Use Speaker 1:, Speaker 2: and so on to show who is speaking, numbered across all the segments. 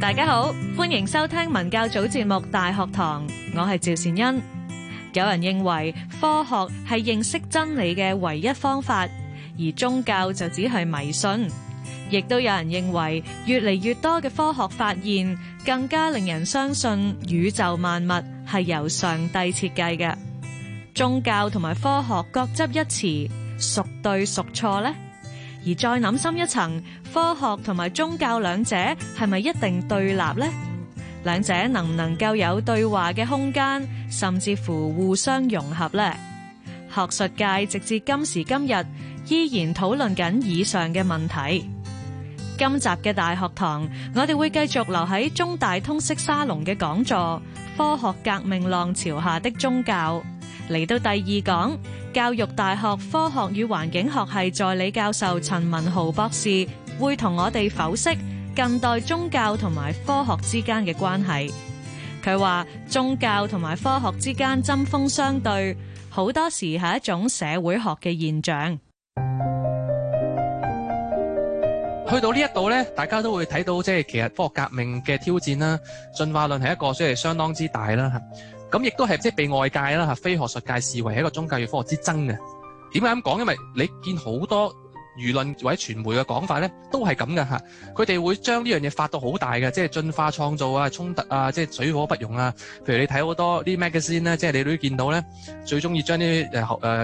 Speaker 1: 大家好，歡迎收聽文教組節目《大學堂》，我係趙善恩。有人認為科學係認識真理嘅唯一方法，而宗教就只係迷信。亦都有人認為越嚟越多嘅科學發現更加令人相信宇宙萬物係由上帝設計嘅。宗教同埋科學各執一詞，孰對孰錯呢？而再諗深一層，科學同埋宗教兩者係咪一定對立呢？兩者能唔能夠有對話嘅空間，甚至乎互相融合呢？學術界直至今時今日依然討論緊以上嘅問題。今集嘅大學堂，我哋會繼續留喺中大通識沙龍嘅講座，科學革命浪潮下的宗教，嚟到第二講。教育大學科學與環境學系助理教授陳文豪博士會同我哋剖析近代宗教同埋科學之間嘅關係。佢話宗教同埋科學之間針鋒相對，好多時係一種社會學嘅現象。
Speaker 2: 去到呢一度咧，大家都會睇到即係其實科學革命嘅挑戰啦，進化論係一個即係相當之大啦。咁亦都係即係被外界啦，非學術界視為係一個宗教與科學之爭嘅。點解咁講？因為你見好多，輿論或者傳媒嘅講法咧，都係咁嘅嚇。佢哋會將呢樣嘢發到好大嘅，即係進化創造啊、衝突啊，即係水火不容啊。譬如你睇好多啲 magazine 咧，即係你都見到咧，最中意將啲誒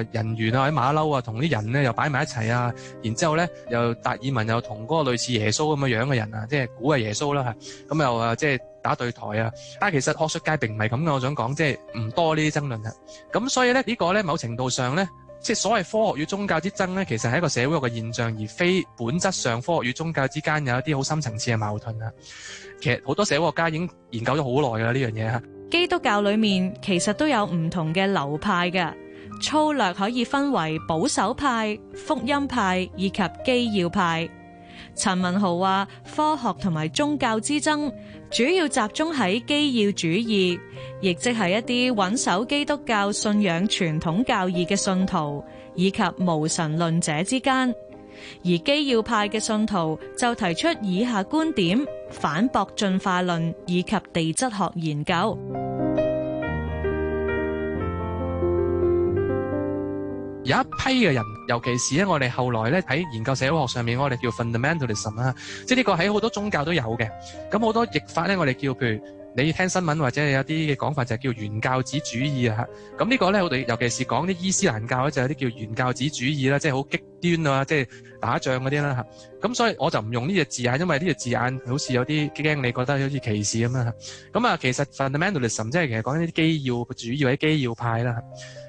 Speaker 2: 學人猿啊、喺馬騮啊，同啲人咧又擺埋一齊啊。然之後咧，又達爾文又同嗰個類似耶穌咁嘅樣嘅人啊，即係估係耶穌啦嚇。咁、嗯、又啊，即係打對台啊。但係其實學術界並唔係咁嘅，我想講即係唔多呢啲爭論啊。咁所以咧，這個、呢個咧某程度上咧。即係所謂科學與宗教之爭咧，其實係一個社會學嘅現象，而非本質上科學與宗教之間有一啲好深層次嘅矛盾啦。其實好多社會學家已經研究咗好耐㗎喇。呢樣嘢吓。
Speaker 1: 基督教裡面其實都有唔同嘅流派㗎，粗略可以分為保守派、福音派以及基要派。陳文豪話：科學同埋宗教之爭主要集中喺基要主義，亦即係一啲穩守基督教信仰傳統教義嘅信徒以及無神論者之間。而基要派嘅信徒就提出以下觀點反駁進化論以及地質學研究。
Speaker 2: 有一批嘅人，尤其是我哋後來咧喺研究社會學上面，我哋叫 Fundamentalism 啦，即係呢個喺好多宗教都有嘅。咁好多譯法咧，我哋叫做，譬如你要聽新聞或者有啲嘅講法就係叫原教旨主義啊嚇，咁呢個咧我哋尤其是講啲伊斯蘭教咧就有啲叫原教旨主義啦，即係好極端啊，即、就、係、是、打仗嗰啲啦嚇。咁所以我就唔用呢隻字眼，因為呢隻字眼好似有啲驚你覺得好似歧視咁啊。咁啊，其實 fundamentalism 即係其實講啲基要主要或者基要派啦，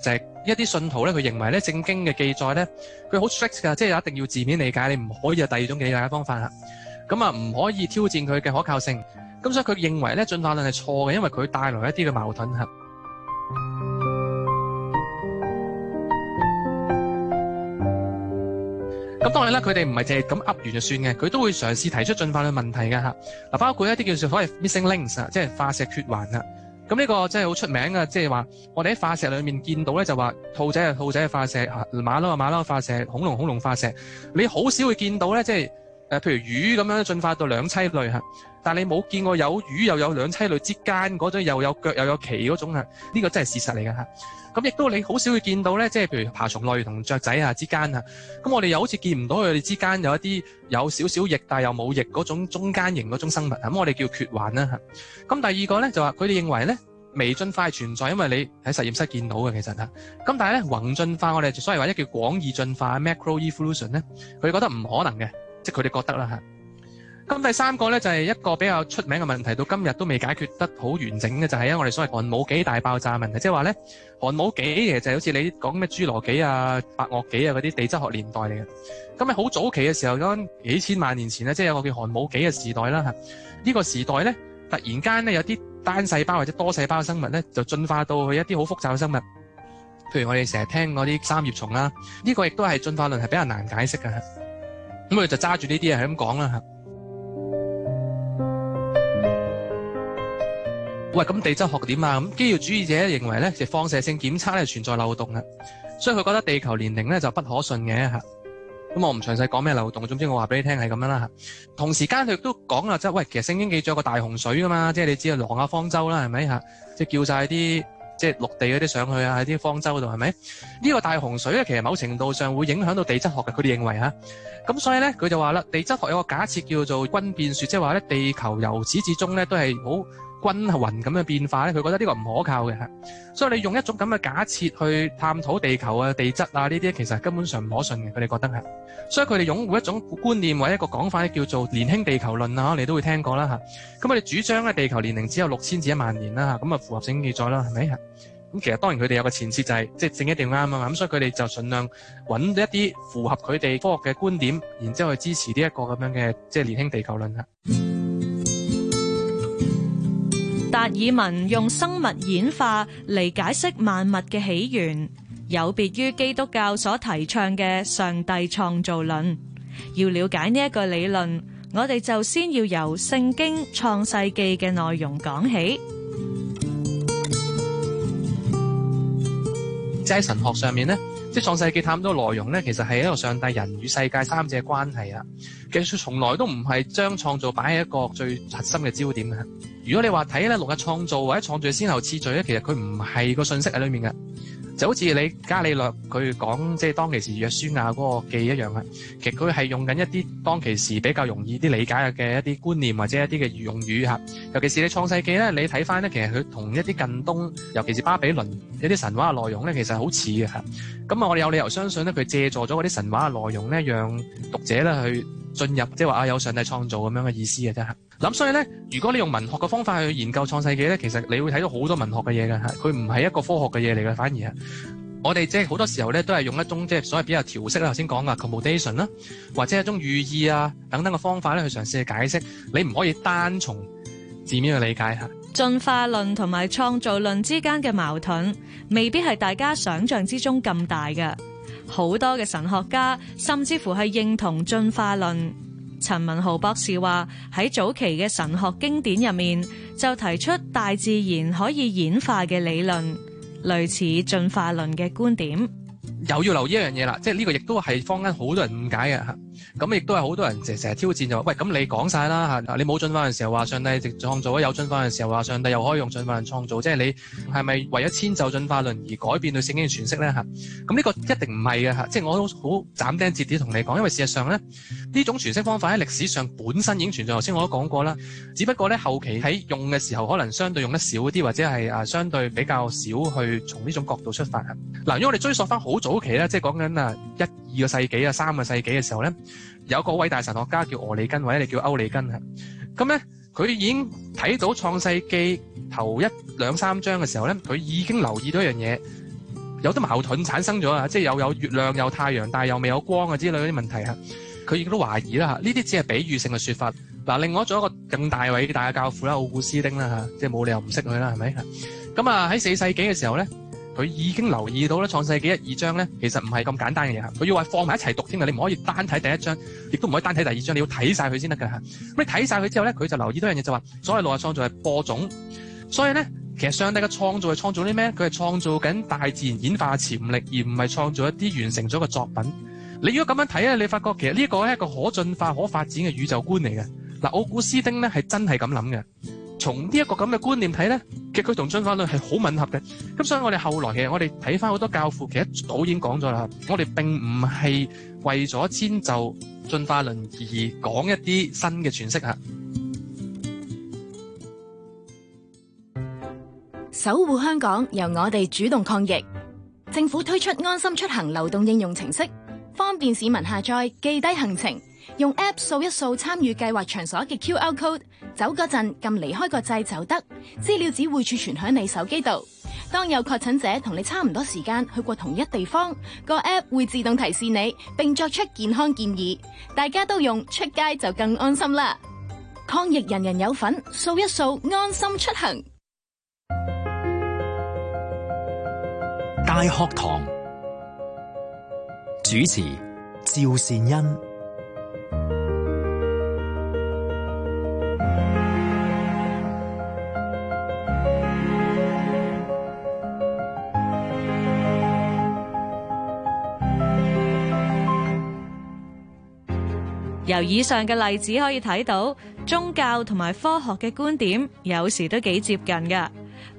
Speaker 2: 就係、是、一啲信徒咧佢認為咧聖經嘅記載咧佢好 strict 㗎，即係、就是、一定要字面理解，你唔可以有第二種理解方法啊。咁啊唔可以挑戰佢嘅可靠性。咁所以佢認為咧進化論係錯嘅，因為佢帶來一啲嘅矛盾嚇。咁 當然啦，佢哋唔係淨係咁噏完就算嘅，佢都會嘗試提出進化論問題嘅嚇。嗱，包括一啲叫做所謂 missing links 啊，即係化石缺環啊。咁呢個真係好出名嘅，即係話我哋喺化石裏面見到咧，就話兔仔啊，兔仔嘅化石；馬騮啊，馬騮化石；恐龍，恐龍化石。你好少會見到咧，即係誒，譬如魚咁樣進化到兩棲類嚇。但你冇見過有魚又有兩棲類之間嗰種又有腳又有鰭嗰種啊？呢個真係事實嚟㗎嚇。咁亦都你好少會見到咧，即係譬如爬蟲類同雀仔啊之間啊。咁我哋又好似見唔到佢哋之間有一啲有少少翼但又冇翼嗰種中間型嗰種生物啊。咁我哋叫缺環啦嚇。咁第二個咧就話佢哋認為咧微進化係存在，因為你喺實驗室見到嘅其實嚇。咁但係咧宏進化我哋所以話一叫廣義進化 macro evolution 咧，佢覺得唔可能嘅，即係佢哋覺得啦嚇。咁第三個咧就係、是、一個比較出名嘅問題，到今日都未解決得好完整嘅就係因為我哋所謂寒武紀大爆炸問題，即係話咧寒武紀嘅就係好似你講咩侏羅紀啊、白堊紀啊嗰啲地質學年代嚟嘅。咁喺好早期嘅時候，嗰陣幾千萬年前咧，即係有個叫寒武紀嘅時代啦。嚇、這、呢個時代咧，突然間咧有啲單細胞或者多細胞生物咧，就進化到去一啲好複雜嘅生物，譬如我哋成日聽嗰啲三葉蟲啦，呢、這個亦都係進化論係比較難解釋嘅。咁佢就揸住呢啲嘢係咁講啦。喂，咁地質學點啊？咁基要主義者認為咧，就放射性檢測咧存在漏洞啊，所以佢覺得地球年齡咧就不可信嘅嚇。咁我唔詳細講咩漏洞，總之我話俾你聽係咁樣啦嚇。同時間佢都講啊，即係喂，其實聖經記載個大洪水噶嘛，即係你知啊，挪亞方舟啦，係咪嚇？即係叫曬啲即係陸地嗰啲上去啊，喺啲方舟嗰度係咪？呢個大洪水咧，其實某程度上會影響到地質學嘅，佢哋認為嚇。咁所以咧，佢就話啦，地質學有個假設叫做均變說，即係話咧，地球由始至終咧都係好。均係雲咁嘅變化咧，佢覺得呢個唔可靠嘅，所以你用一種咁嘅假設去探討地球啊、地質啊呢啲，其實根本上唔可信嘅。佢哋覺得係，所以佢哋擁護一種觀念或者一個講法，叫做年輕地球論啊，你都會聽過啦嚇。咁佢哋主張咧，地球年齡只有六千至一萬年啦嚇，咁啊符合聖經記載啦，係咪啊？咁其實當然佢哋有個前設就係即係聖經一定啱啊嘛，咁所以佢哋就盡量揾到一啲符合佢哋科學嘅觀點，然之後去支持呢一個咁樣嘅即係年輕地球論啊。
Speaker 1: 達爾文用生物演化嚟解釋萬物嘅起源，有別於基督教所提倡嘅上帝創造論。要了解呢一個理論，我哋就先要由聖經創世紀嘅內容講起。
Speaker 2: 即係神學上面呢，即係創世紀探討內容呢，其實係一個上帝、人與世界三者嘅關係啦。其實從來都唔係將創造擺喺一個最核心嘅焦點嘅。如果你話睇咧六日創造或者創造先後次序咧，其實佢唔係個信息喺裡面嘅，就好似你伽利略佢講即係當其時約書亞嗰個記一樣啦。其實佢係用緊一啲當其時比較容易啲理解嘅一啲觀念或者一啲嘅用語嚇。尤其是你創世記咧，你睇翻咧，其實佢同一啲近東，尤其是巴比倫一啲神話嘅內容咧，其實好似嘅嚇。咁啊，我哋有理由相信咧，佢借助咗嗰啲神話嘅內容咧，讓讀者咧去進入，即係話啊有上帝創造咁樣嘅意思嘅啫嚇。咁、嗯、所以咧，如果你用文學嘅方法去研究創世記咧，其實你會睇到好多文學嘅嘢嘅，嚇佢唔係一個科學嘅嘢嚟嘅，反而係，我哋即係好多時候咧都係用一種即係所謂比較調適啦，頭先講嘅 accommodation 啦，或者一種寓意啊等等嘅方法咧去嘗試去解釋，你唔可以單從字面去理解嚇。
Speaker 1: 進化論同埋創造論之間嘅矛盾，未必係大家想象之中咁大嘅，好多嘅神學家甚至乎係認同進化論。陳文豪博士話：喺早期嘅神學經典入面，就提出大自然可以演化嘅理論，類似進化論嘅觀點。
Speaker 2: 又要留意一樣嘢啦，即係呢個亦都係坊間好多人誤解嘅嚇，咁亦都係好多人成日挑戰就話，喂咁你講晒啦嚇，你冇進化嘅時候話上帝直創造，有進化嘅時候話上帝又可以用進化論創造，即係你係咪為咗遷就進化論而改變對聖經嘅詮釋咧嚇？咁、這、呢個一定唔係嘅嚇，即係我都好斬釘截鐵同你講，因為事實上咧呢種詮釋方法喺歷史上本身已經存在，頭先我都講過啦，只不過咧後期喺用嘅時候可能相對用得少啲，或者係啊相對比較少去從呢種角度出發嗱，因為我哋追溯翻好。好早期啦，即係講緊啊一二個世紀啊，三個世紀嘅時候咧，有個偉大神學家叫俄里根，或者你叫歐里根啊。咁咧，佢已經睇到創世記頭一兩三章嘅時候咧，佢已經留意到一樣嘢，有啲矛盾產生咗啊！即係又有月亮有太陽，但係又未有光啊之類嗰啲問題啊。佢亦都懷疑啦吓，呢啲只係比喻性嘅說法。嗱，另外仲有一個更大偉大嘅教父啦，奧古斯丁啦吓，即係冇理由唔識佢啦，係咪吓？咁啊喺四世紀嘅時候咧。佢已經留意到咧，《創世紀》一二章咧，其實唔係咁簡單嘅嘢。佢要話放埋一齊讀添啊！你唔可以單睇第一章，亦都唔可以單睇第二章，你要睇晒佢先得㗎嚇。咁你睇晒佢之後咧，佢就留意到一樣嘢，就話所謂六日創造係播種，所以咧，其實上帝嘅創造係創造啲咩？佢係創造緊大自然演化嘅潛力，而唔係創造一啲完成咗嘅作品。你如果咁樣睇咧，你發覺其實呢個係一個可進化、可發展嘅宇宙觀嚟嘅。嗱，奧古斯丁咧係真係咁諗嘅。從呢一個咁嘅觀念睇咧，其實佢同進化論係好吻合嘅。咁所以我哋後來其實我哋睇翻好多教父，其實早已經講咗啦。我哋並唔係為咗遷就進化論而講一啲新嘅詮釋啊！
Speaker 3: 守護香港，由我哋主動抗疫。政府推出安心出行流動應用程式，方便市民下載記低行程。用 app 掃一掃參與計劃場所嘅 QR code，走嗰陣撳離開個掣就得，資料只會儲存喺你手機度。當有確診者同你差唔多時間去過同一地方，個 app 會自動提示你，並作出健康建議。大家都用，出街就更安心啦！抗疫人人有份，掃一掃，安心出行。
Speaker 2: 大學堂
Speaker 4: 主持趙善恩。
Speaker 1: 由以上嘅例子可以睇到，宗教同埋科學嘅觀點有時都幾接近嘅。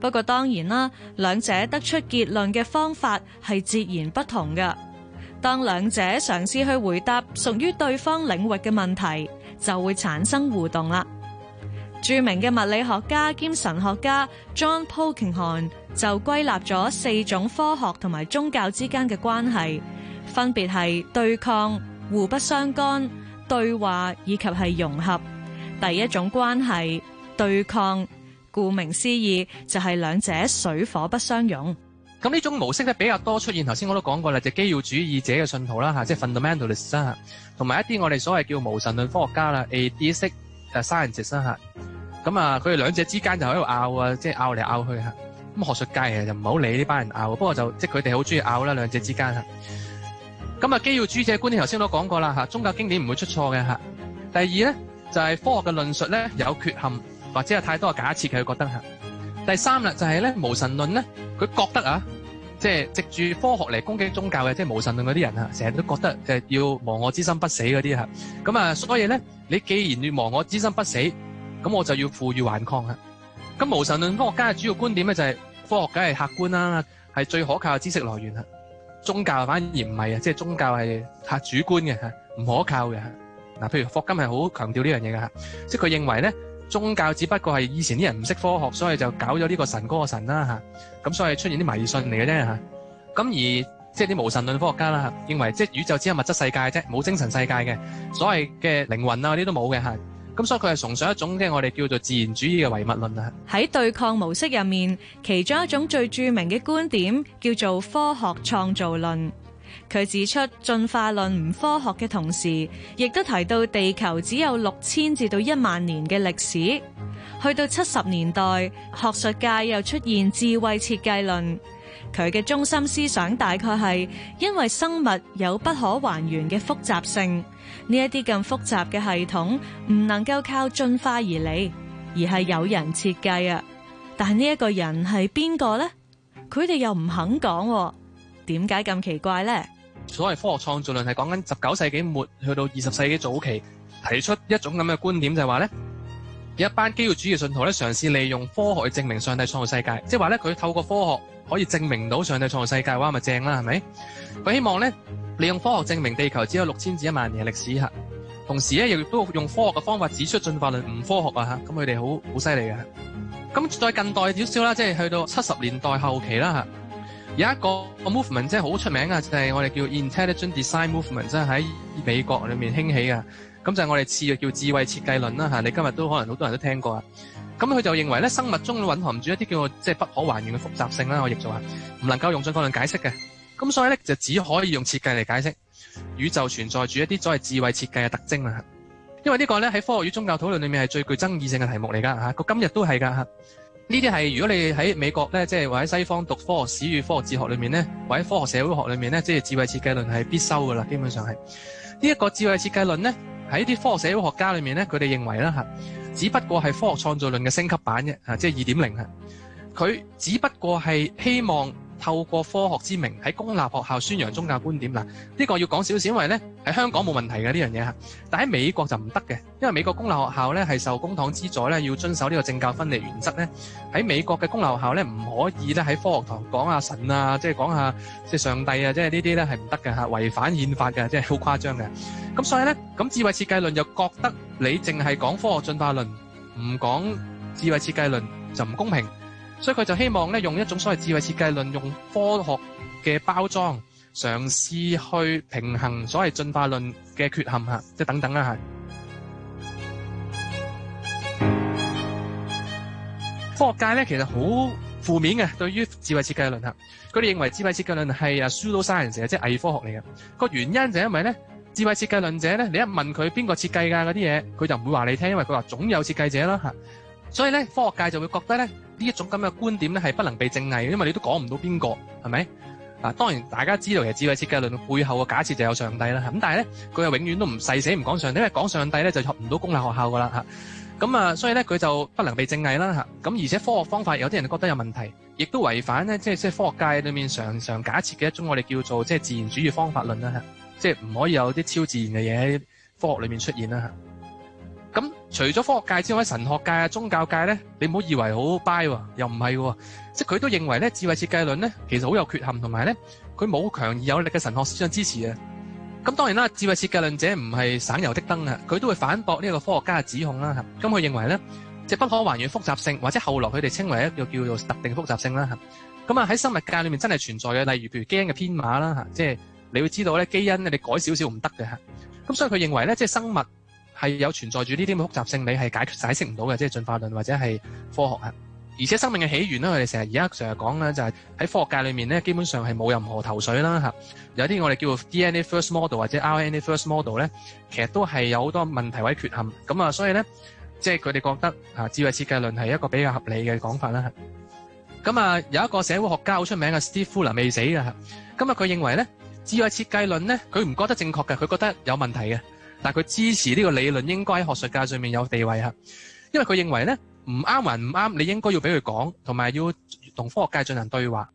Speaker 1: 不過當然啦，兩者得出結論嘅方法係截然不同嘅。當兩者嘗試去回答屬於對方領域嘅問題，就會產生互動啦。著名嘅物理學家兼神學家 John Polkinghorne 就歸納咗四種科學同埋宗教之間嘅關係，分別係對抗、互不相干。對話以及係融合。第一種關係對抗，顧名思義就係兩者水火不相容。
Speaker 2: 咁呢種模式咧，比較多出現，頭先我都講過啦，就基要主義者嘅信徒啦吓，即係 fundamentalist 啦，同埋一啲我哋所謂叫無神論科學家啦 atheistic 誒 scientist 啦。咁啊，佢哋兩者之間就喺度拗啊，即係拗嚟拗去吓。咁學術界其實就唔好理呢班人拗，不過就即係佢哋好中意拗啦，兩者之間。咁啊，基要主義者觀點，頭先都講過啦，吓，宗教經典唔會出錯嘅，吓。第二咧，就係科學嘅論述咧有缺陷，或者係太多嘅假設，佢覺得吓。第三啦，就係咧無神論咧，佢覺得啊，即係藉住科學嚟攻擊宗教嘅，即係無神論嗰啲人啊，成日都覺得就係要亡我之心不死嗰啲吓。咁啊，所以咧，你既然要亡我之心不死，咁我就要負隅頑抗啊。咁無神論科學家嘅主要觀點咧，就係科學梗係客觀啦，係最可靠嘅知識來源啦。宗教反而唔係啊，即係宗教係吓主觀嘅吓，唔可靠嘅嗱，譬如霍金係好強調呢樣嘢嘅吓，即係佢認為咧，宗教只不過係以前啲人唔識科學，所以就搞咗呢個神嗰個神啦吓，咁所以出現啲迷信嚟嘅啫吓。咁而即係啲無神論科學家啦吓，認為即係宇宙只有物質世界啫，冇精神世界嘅，所謂嘅靈魂啊嗰啲都冇嘅吓。咁所以佢係崇尚一種嘅我哋叫做自然主義嘅唯物論啊。
Speaker 1: 喺對抗模式入面，其中一種最著名嘅觀點叫做科學創造論。佢指出進化論唔科學嘅同時，亦都提到地球只有六千至到一萬年嘅歷史。去到七十年代，學術界又出現智慧設計論。佢嘅中心思想大概係因為生物有不可還原嘅複雜性。呢一啲咁複雜嘅系統唔能夠靠進化而嚟，而係有人設計啊！但係呢一個人係邊個咧？佢哋又唔肯講，點解咁奇怪咧？
Speaker 2: 所謂科學創造論係講緊十九世紀末去到二十世紀早期提出一種咁嘅觀點，就係話咧，有一班機會主義信徒咧嘗試利用科學去證明上帝創造世界，即係話咧佢透過科學可以證明到上帝創造世界，話咪正啦，係咪？佢希望咧。利用科學證明地球只有六千至一萬年嘅歷史嚇，同時咧亦都用科學嘅方法指出進化論唔科學啊嚇，咁佢哋好好犀利嘅。咁再近代少少啦，即係去到七十年代後期啦嚇，有一個 movement 即係好出名啊，就係、是、我哋叫 Intelligent Design Movement，即係喺美國裏面興起嘅。咁就係我哋次日叫智慧設計論啦嚇，你今日都可能好多人都聽過啊。咁佢就認為咧，生物中蘊含住一啲叫即係不可還原嘅複雜性啦，我亦就話，唔能夠用進化論解釋嘅。咁、嗯、所以咧，就只可以用設計嚟解釋宇宙存在住一啲所謂智慧設計嘅特徵啦。因為個呢個咧喺科學與宗教討論裏面係最具爭議性嘅題目嚟噶嚇，個、啊、今日都係噶嚇。呢啲係如果你喺美國咧，即係或者西方讀科學史與科學哲學裏面咧，或者科學社會學裏面咧，即係智慧設計論係必修噶啦，基本上係呢一個智慧設計論咧，喺啲科學社會學家裏面咧，佢哋認為啦吓，只不過係科學創造論嘅升級版啫嚇、啊，即係二點零嚇。佢只不過係希望，透過科學之名喺公立學校宣揚宗教觀點嗱，呢個要講少少，因為咧喺香港冇問題嘅呢樣嘢嚇，但喺美國就唔得嘅，因為美國公立學校咧係受公帑資助咧，要遵守呢個政教分離原則咧，喺美國嘅公立學校咧唔可以咧喺科學堂講下神啊，即係講下即係上帝啊，即係呢啲咧係唔得嘅嚇，違反憲法嘅，即係好誇張嘅。咁所以咧，咁智慧設計論又覺得你淨係講科學進化論，唔講智慧設計論就唔公平。所以佢就希望咧，用一種所謂智慧設計論，用科學嘅包裝，嘗試去平衡所謂進化論嘅缺陷吓，即係等等啦吓。 科學界咧其實好負面嘅，對於智慧設計論吓，佢哋認為智慧設計論係啊 pseudo science 嚟，即係偽科學嚟嘅個原因就係因為咧智慧設計論者咧，你一問佢邊個設計噶嗰啲嘢，佢就唔會話你聽，因為佢話總有設計者啦吓，所以咧科學界就會覺得咧。呢一種咁嘅觀點咧，係不能被正義，因為你都講唔到邊個，係咪？嗱，當然大家知道其實智慧設計論背後嘅假設就有上帝啦。咁但係咧，佢又永遠都唔誓死唔講上帝，因為講上帝咧就合唔到公立學校噶啦嚇。咁、嗯、啊，所以咧佢就不能被正義啦嚇。咁而且科學方法有啲人覺得有問題，亦都違反咧即係即係科學界裏面常常假設嘅一種我哋叫做即係自然主義方法論啦嚇，即係唔可以有啲超自然嘅嘢喺科學裏面出現啦嚇。除咗科學界之外，神學界啊、宗教界咧，你唔好以為好 buy 喎，又唔係喎，即係佢都認為咧，智慧設計論咧，其實好有缺陷，同埋咧，佢冇強而有力嘅神學思想支持啊。咁當然啦，智慧設計論者唔係省油的燈啊，佢都會反駁呢個科學家嘅指控啦。咁佢認為咧，即係不可還原複雜性，或者後來佢哋稱為一個叫做特定複雜性啦。咁啊，喺生物界裏面真係存在嘅，例如譬如基因嘅編碼啦，即係你會知道咧，基因你改少少唔得嘅。咁所以佢認為咧，即係生物。係有存在住呢啲複雜性，你係解決解釋唔到嘅，即係進化論或者係科學啊。而且生命嘅起源咧，佢哋成日而家成日講咧，就係喺科學界裏面咧，基本上係冇任何頭緒啦嚇。有啲我哋叫做 DNA first model 或者 RNA first model 咧，其實都係有好多問題或者缺陷。咁啊，所以咧，即係佢哋覺得啊，智慧設計論係一個比較合理嘅講法啦。咁啊，有一個社會學家好出名嘅 Steve Fuller 未死嘅，咁啊，佢認為咧，智慧設計論咧，佢唔覺得正確嘅，佢覺得有問題嘅。但佢支持呢個理論應該喺學術界上面有地位吓，因為佢認為咧，唔啱還唔啱，你應該要俾佢講，同埋要同科學界進行對話。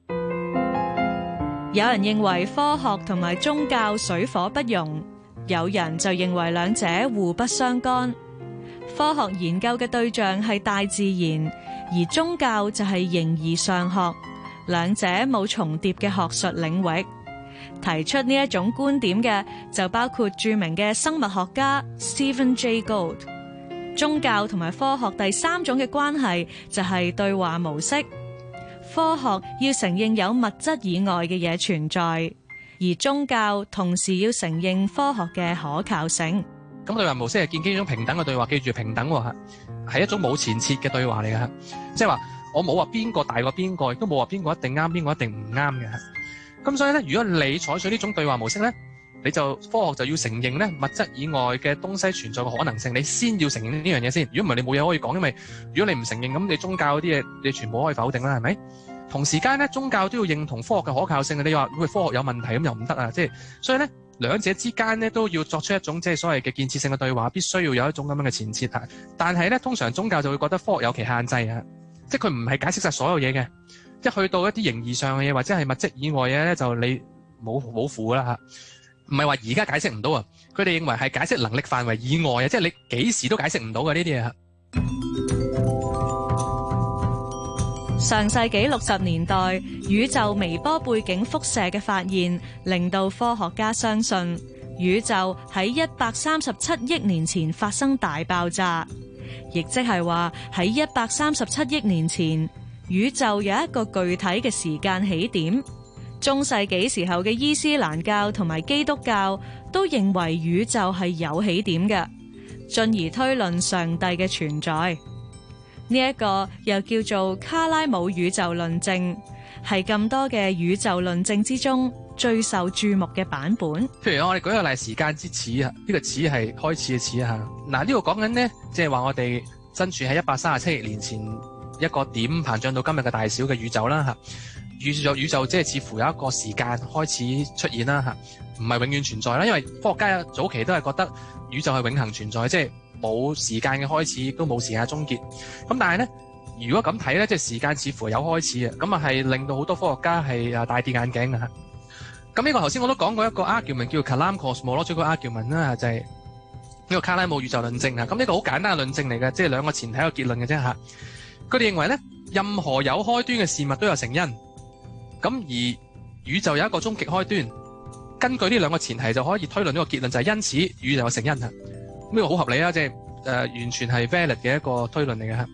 Speaker 1: 有人認為科學同埋宗教水火不容，有人就認為兩者互不相干。科學研究嘅對象係大自然，而宗教就係形而上學，兩者冇重疊嘅學術領域。提出呢一種觀點嘅就包括著名嘅生物學家 Stephen J. Gould。宗教同埋科學第三種嘅關係就係對話模式。科學要承認有物質以外嘅嘢存在，而宗教同時要承認科學嘅可靠性。
Speaker 2: 咁對話模式係建基於一種平等嘅對話，記住平等係、哦、一種冇前設嘅對話嚟嘅，即係話我冇話邊個大過邊個，亦都冇話邊個一定啱，邊個一定唔啱嘅。咁所以咧，如果你採取呢種對話模式咧，你就科學就要承認咧物質以外嘅東西存在嘅可能性，你先要承認呢樣嘢先。如果唔係，你冇嘢可以講，因為如果你唔承認，咁你宗教嗰啲嘢你全部可以否定啦，係咪？同時間咧，宗教都要認同科學嘅可靠性嘅。你話如果科學有問題咁又唔得啊，即係所以咧，兩者之間咧都要作出一種即係所謂嘅建設性嘅對話，必須要有一種咁樣嘅前設。但係咧，通常宗教就會覺得科學有其限制啊，即係佢唔係解釋晒所有嘢嘅。.即去到一啲形而上嘅嘢，或者係物質以外嘢咧，就你冇冇符啦，吓，唔係話而家解釋唔到啊，佢哋認為係解釋能力範圍以外啊，即係你幾時都解釋唔到嘅呢啲嘢。
Speaker 1: 上世紀六十年代，宇宙微波背景輻射嘅發現，令到科學家相信宇宙喺一百三十七億年前發生大爆炸，亦即係話喺一百三十七億年前。宇宙有一個具體嘅時間起點。中世紀時候嘅伊斯蘭教同埋基督教都認為宇宙係有起點嘅，進而推論上帝嘅存在。呢一個又叫做卡拉姆宇宙論證，係咁多嘅宇宙論證之中最受注目嘅版本。
Speaker 2: 譬如我哋舉一個例，時間之始啊，呢個始係開始嘅始啊。嗱，呢度講緊呢，即係話我哋身處喺一百三十七億年前。一個點膨脹到今日嘅大小嘅宇宙啦嚇，宇宙宇宙即係似乎有一個時間開始出現啦嚇，唔係永遠存在啦，因為科學家早期都係覺得宇宙係永恆存在，即係冇時間嘅開始亦都冇時間終結。咁但係咧，如果咁睇咧，即係時間似乎有開始啊，咁啊係令到好多科學家係啊戴啲眼鏡啊。咁呢個頭先我都講過一個 argument 叫 Kalam Cosmological Argument 啦，就係呢個卡拉姆宇宙論證啊。咁呢個好簡單嘅論證嚟嘅，即係兩個前提，一個結論嘅啫嚇。佢哋認為咧，任何有開端嘅事物都有成因。咁而宇宙有一個終極開端，根據呢兩個前提就可以推論呢個結論，就係因此宇宙有成因啊。呢個好合理啊，即係誒，完全係 valid 嘅一個推論嚟嘅吓。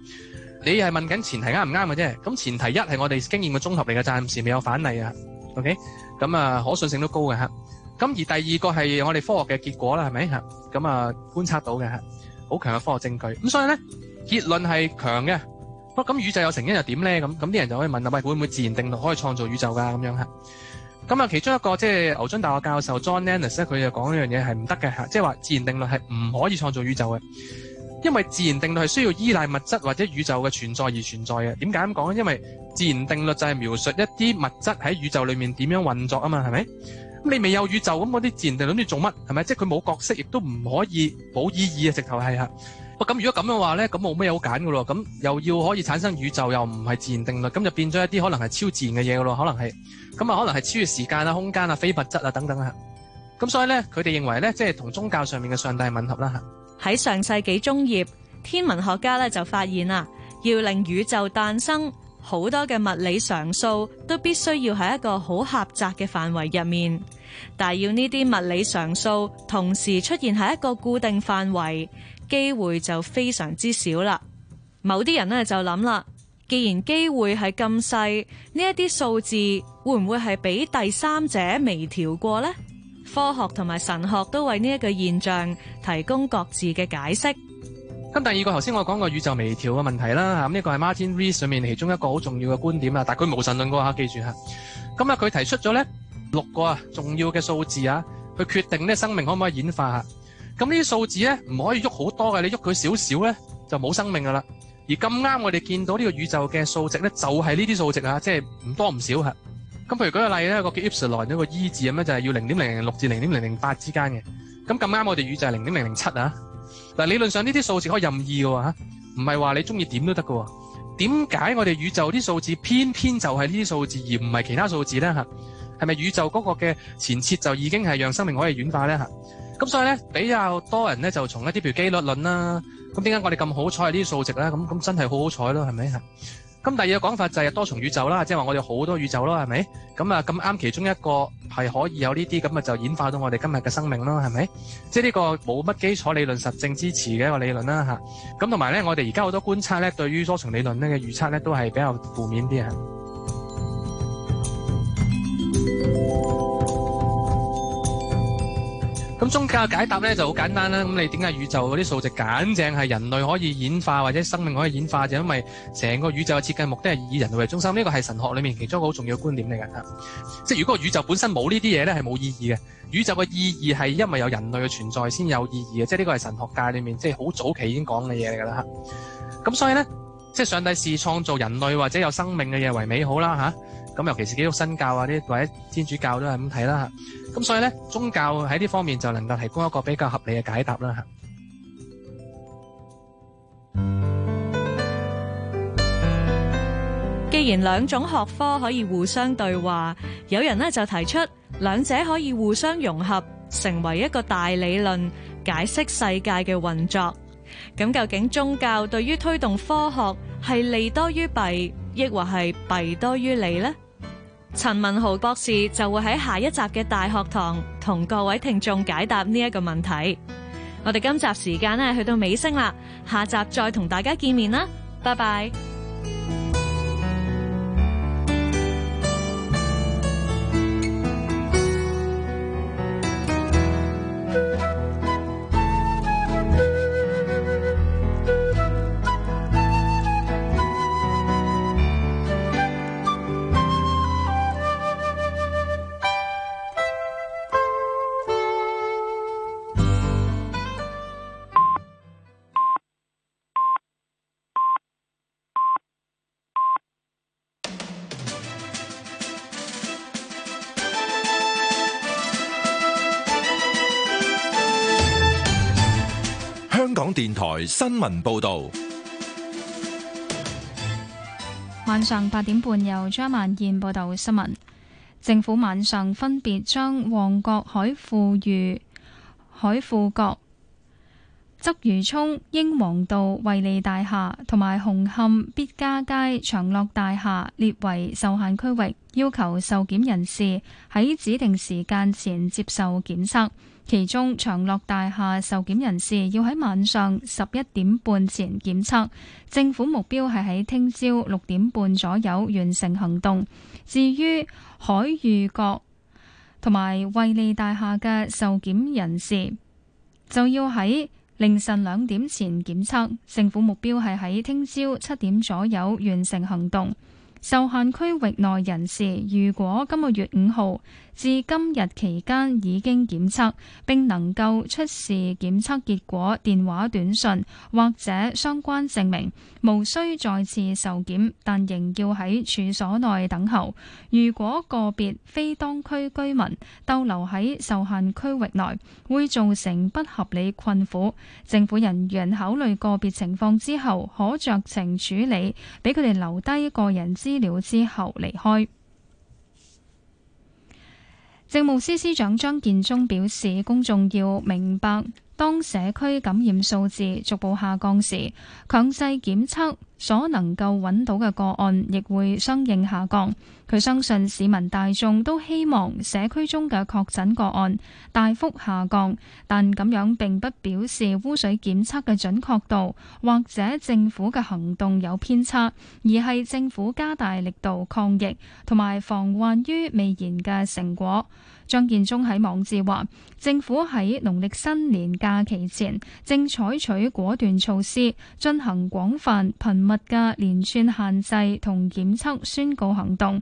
Speaker 2: 你係問緊前提啱唔啱嘅啫。咁前提一係我哋經驗嘅綜合嚟嘅，暫時未有反例啊。OK，咁啊，可信性都高嘅吓。咁而第二個係我哋科學嘅結果啦，係咪吓？咁啊，觀察到嘅吓，好強嘅科學證據。咁所以咧，結論係強嘅。咁宇宙有成因又點呢？咁咁啲人就可以問啦，喂，會唔會自然定律可以創造宇宙噶咁樣嚇？咁啊，其中一個即係、就是、牛津大學教授 John Lennox 咧，佢就講一樣嘢係唔得嘅，即係話自然定律係唔可以創造宇宙嘅，因為自然定律係需要依賴物質或者宇宙嘅存在而存在嘅。點解咁講？因為自然定律就係描述一啲物質喺宇宙裏面點樣運作啊嘛，係咪？你未有宇宙咁，嗰啲自然定律你做乜？係咪？即係佢冇角色，亦都唔可以冇意義啊！直頭係啊！咁，如果咁樣話呢，咁冇咩好揀噶咯。咁又要可以產生宇宙，又唔係自然定律，咁就變咗一啲可能係超自然嘅嘢噶咯。可能係咁啊，可能係超越時間啊、空間啊、非物質啊等等啊。咁所以呢，佢哋認為呢，即係同宗教上面嘅上帝吻合啦。喺上世紀中葉，
Speaker 1: 天文學家呢就發現啦，要令宇宙誕生，好多嘅物理常數都必須要喺一個好狹窄嘅範圍入面，但要呢啲物理常數同時出現喺一個固定範圍。機會就非常之少啦。某啲人咧就諗啦，既然機會係咁細，呢一啲數字會唔會係俾第三者微調過呢？科學同埋神學都為呢一個現象提供各自嘅解釋。
Speaker 2: 咁第二個頭先我講過宇宙微調嘅問題啦，咁、吓、呢個係 Martin Rees 上面其中一個好重要嘅觀點啊，但係佢無神論㗎嚇，記住嚇。咁啊，佢提出咗呢六個啊重要嘅數字啊，去決定呢生命可唔可以演化。咁呢啲數字咧，唔可以喐好多嘅，你喐佢少少咧就冇生命噶啦。而咁啱我哋見到呢個宇宙嘅數值咧，就係呢啲數值啊，即係唔多唔少吓、啊。咁譬如舉個例咧，一個叫 epsilon 呢、e、字咁咧，就係、是、要零點零零六至零點零零八之間嘅。咁咁啱我哋宇宙係零點零零七啊。嗱，理論上呢啲數字可以任意嘅吓、啊，唔係話你中意點都得嘅、啊。點解我哋宇宙啲數字偏偏就係呢啲數字而唔係其他數字咧？吓，係咪宇宙嗰個嘅前設就已經係讓生命可以演化咧？吓？咁所以咧，比較多人咧就從一啲譬如機率論啦。咁點解我哋咁好彩係呢啲數值咧？咁咁真係好好彩咯，係咪啊？咁第二個講法就係多重宇宙啦，即係話我哋好多宇宙咯，係咪？咁啊咁啱其中一個係可以有呢啲咁啊，就演化到我哋今日嘅生命咯，係咪？即係呢個冇乜基礎理論實證支持嘅一個理論啦。嚇，咁同埋咧，我哋而家好多觀察咧，對於多重理論咧嘅預測咧，都係比較負面啲啊。咁宗教解答咧就好簡單啦。咁你點解宇宙嗰啲數值簡正係人類可以演化或者生命可以演化？就因為成個宇宙嘅設計目的係以人類為中心。呢個係神學裡面其中一個好重要嘅觀點嚟嘅嚇。即係如果個宇宙本身冇呢啲嘢咧，係冇意義嘅。宇宙嘅意義係因為有人類嘅存在先有意義嘅。即係呢個係神學界裡面即係好早期已經講嘅嘢嚟㗎啦嚇。咁、啊、所以咧，即係上帝視創造人類或者有生命嘅嘢為美好啦嚇。啊咁尤其是基督新教啊啲或者天主教都係咁睇啦，咁所以咧，宗教喺呢方面就能夠提供一個比較合理嘅解答啦。
Speaker 1: 既然兩種學科可以互相對話，有人呢就提出兩者可以互相融合，成為一個大理論解釋世界嘅運作。咁究竟宗教對於推動科學係利多於弊，抑或係弊多於利呢？陳文豪博士就會喺下一集嘅大學堂同各位聽眾解答呢一個問題。我哋今集時間呢去到尾聲啦，下集再同大家見面啦，拜拜。
Speaker 2: 電台新聞報道，
Speaker 3: 晚上八點半由張萬燕報道新聞。政府晚上分別將旺角海富御、海富閣、鰂魚涌英皇道惠利大廈同埋紅磡必嘉街長樂大廈列為受限區域，要求受檢人士喺指定時間前接受檢測。其中，長樂大廈受檢人士要喺晚上十一點半前檢測，政府目標係喺聽朝六點半左右完成行動。至於海裕閣同埋惠利大廈嘅受檢人士，就要喺凌晨兩點前檢測，政府目標係喺聽朝七點左右完成行動。受限區域內人士，如果今個月五號至今日期間已經檢測並能夠出示檢測結果、電話短訊或者相關證明，無需再次受檢，但仍要喺處所內等候。如果個別非當區居民逗留喺受限區域內，會造成不合理困苦。政府人員考慮個別情況之後，可酌情處理，俾佢哋留低個人資料之後離開。政務司司長張建宗表示，公眾要明白，當社區感染數字逐步下降時，強制檢測所能夠揾到嘅個案亦會相應下降。佢相信市民大眾都希望社區中嘅確診個案大幅下降，但咁樣並不表示污水檢測嘅準確度或者政府嘅行動有偏差，而係政府加大力度抗疫同埋防患於未然嘅成果。張建宗喺網誌話政府喺農曆新年假期前正採取果斷措施，進行廣泛頻密嘅連串限制同檢測宣告行動。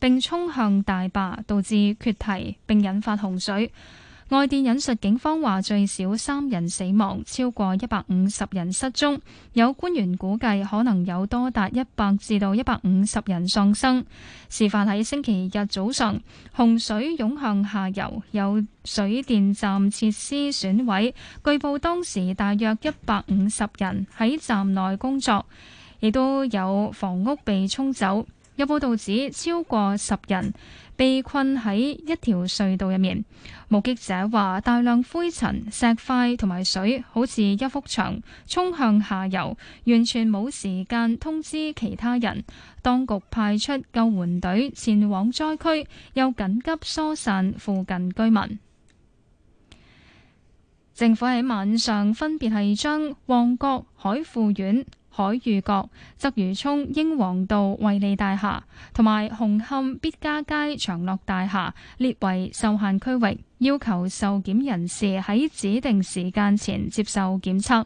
Speaker 3: 並衝向大壩，導致缺堤，並引發洪水。外電引述警方話，最少三人死亡，超過一百五十人失蹤。有官員估計，可能有多達一百至到一百五十人喪生。事發喺星期日早上，洪水湧向下游，有水電站設施損毀。據報當時大約一百五十人喺站內工作，亦都有房屋被衝走。有報道指，超過十人被困喺一條隧道入面。目擊者話：大量灰塵、石塊同埋水，好似一幅牆，衝向下游，完全冇時間通知其他人。當局派出救援隊前往災區，又緊急疏散附近居民。政府喺晚上分別係將旺角海富苑海御角、鰂魚涌英皇道惠利大廈同埋紅磡必嘉街長樂大廈列為受限區域，要求受檢人士喺指定時間前接受檢測。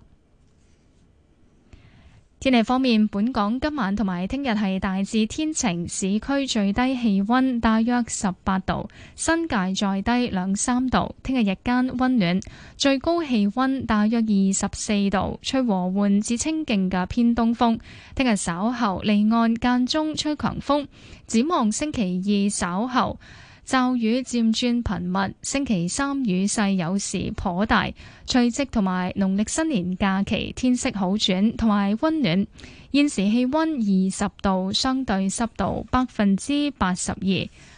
Speaker 3: 天氣方面，本港今晚同埋聽日係大致天晴，市區最低氣溫大約十八度，新界再低兩三度。聽日日間溫暖，最高氣溫大約二十四度，吹和緩至清勁嘅偏東風。聽日稍後，離岸間中吹強風，展望星期二稍後。驟雨漸轉頻密，星期三雨勢有時頗大。除夕同埋農曆新年假期，天色好轉同埋溫暖。現時氣溫二十度，相對濕度百分之八十二。